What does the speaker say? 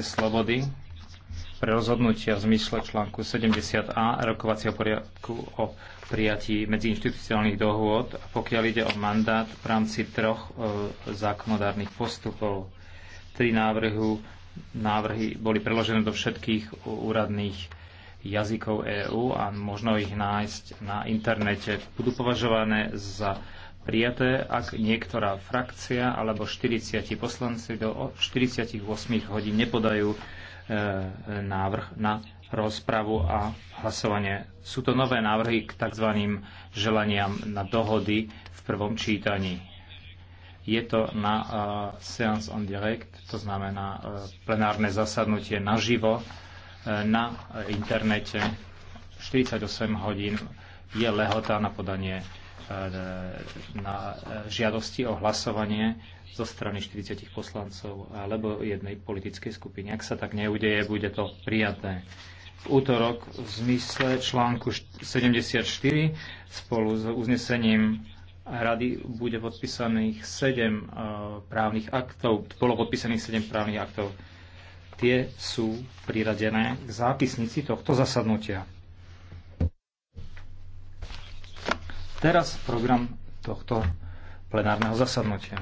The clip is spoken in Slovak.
slobody pre rozhodnutia v zmysle článku 70a rokovacieho poriadku o prijatí medziinstitucionálnych dohôd, pokiaľ ide o mandát v rámci troch e, zákonodárnych postupov. Tri návrhu, návrhy boli preložené do všetkých úradných jazykov EÚ a možno ich nájsť na internete. Budú považované za prijaté, ak niektorá frakcia alebo 40 poslanci do 48 hodín nepodajú e, návrh na rozpravu a hlasovanie. Sú to nové návrhy k tzv. želaniam na dohody v prvom čítaní. Je to na uh, Seance on Direct, to znamená uh, plenárne zasadnutie naživo na internete. 48 hodín je lehota na podanie e, na e, žiadosti o hlasovanie zo strany 40 poslancov alebo jednej politickej skupiny. Ak sa tak neudeje, bude to prijaté. V útorok v zmysle článku 74 spolu s uznesením rady bude podpísaných 7 e, právnych aktov, bolo podpísaných 7 právnych aktov Tie sú priradené k zápisnici tohto zasadnutia. Teraz program tohto plenárneho zasadnutia.